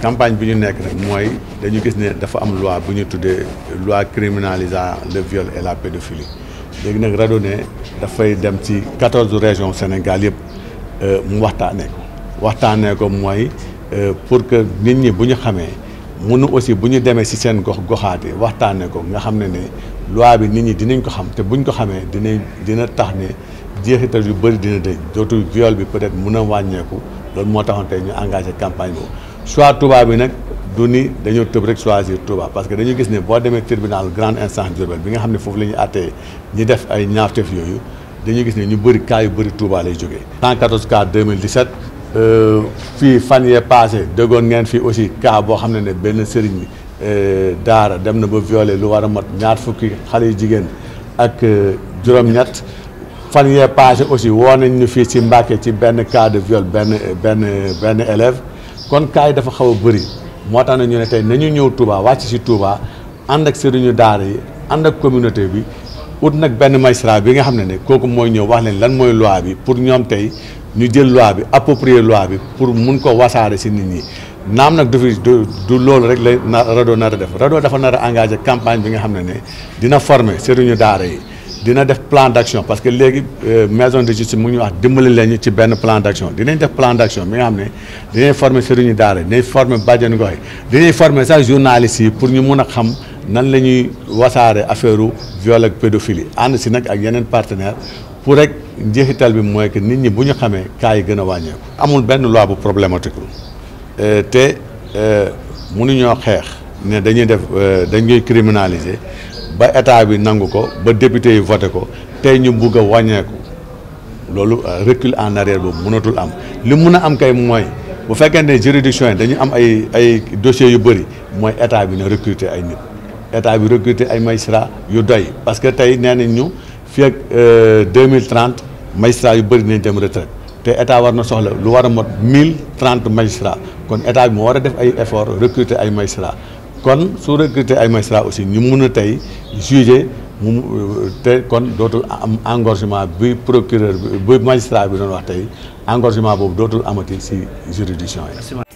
campagne bi ñu nekk nag mooy dañu gis ne dafa am loi bu ñu tuddee loi criminalisant le viol et la pédophilie léegi nag Radone dafay dem ci 14 régions Sénégal yëpp euh, mu waxtaanee ko waxtaanee ko mooy euh, pour que nit ñi bu ñu xamee mënu aussi bu ñu demee si seen gox goxaat waxtaanee ko nga xam ne ne loi bi nit ñi dinañ ko xam te buñ ko xamee dina dina tax ne jeexital yu bëri dina dëñ dootul viol bi peut-être mën a wàññeeku loolu moo taxoon tey ñu engagé campagne boobu. choix tubaab yi nag du ni dañoo tëb rek choisir Touba parce que dañu gis ne boo demee tribunal grande instance Diourbel bi nga xam ne foofu la àttee ñi def ay ñaawteef yooyu dañu gis ne ñu bëri cas yu bëri Touba lay jógee. 114 cas 2017 euh, fii fan yee passé déggoon ngeen fii aussi kaa boo xam ne ne benn sëriñ euh, daara dem na ba violé lu war a mat ñaar fukki xale yu jigéen ak euh, juróom-ñett. fan yee passé aussi woo nañ ñu fii si Mbàkke ci benn cas de viol benn benn benn élève kon cas yi dafa xaw a bëri moo tax na ñu ne tey nañu ñëw Touba wàcc si Touba ànd ak sëriñu daara yi ànd ak communauté bi ut nag benn magistrat bi nga xam ne ne kooku mooy ñëw wax leen lan mooy loi bi pour ñoom tey ñu jël loi bi approprier loi bi pour mun ko wasaare si nit ñi naam nag du fi du du loolu rek lay na Raddho nar a def Raddho dafa nar a campagne bi nga xam ne ni dina former sëriñu daara yi dina def plan d'action parce que léegi euh, maison de justice mu ngi wax dimbali leen ci benn plan d'action dinañ def plan d'action mi nga xam ne dinañ former sëriñu daara dinañ former bàjjenu gox yi dinañ former sax journalistes yi pour ñu mun a xam nan la ñuy wasaare affaire u viol ak pédophilie ànd si nag ak yeneen partenaire pour rek njeexital bi mooy que nit ñi bu ñu xamee cas yi gën a wàññeeku. amul benn loi bu problématique euh, te euh, mënuñoo xeex ne dañuy def dañ koy criminaliser ba état bi nangu ko ba député yu voté ko tey ñu bugg a wàññeeku loolu euh, recule en arrière boobu mënatul am li mun a am kay mooy bu fekkee ne juridiction yi dañu am ay ay dossiers yu bëri mooy état bi na recruter ay nit état bi recruter ay magistrat yu doy parce que tey nee nañ ñu fii euh, mille 2030 magistrat yu bëri nañ dem retraite te état war na soxla lu war a mille 1030 magistrats kon état bi moo war a def ay effort recruter ay magistrats kon su recruter ay magistrats aussi ñu mun a tey juger mu euh, te kon dootul am engorgement bi procureur bi magistrat bi doon wax tey engorgement boobu dootul amati si juridiction yi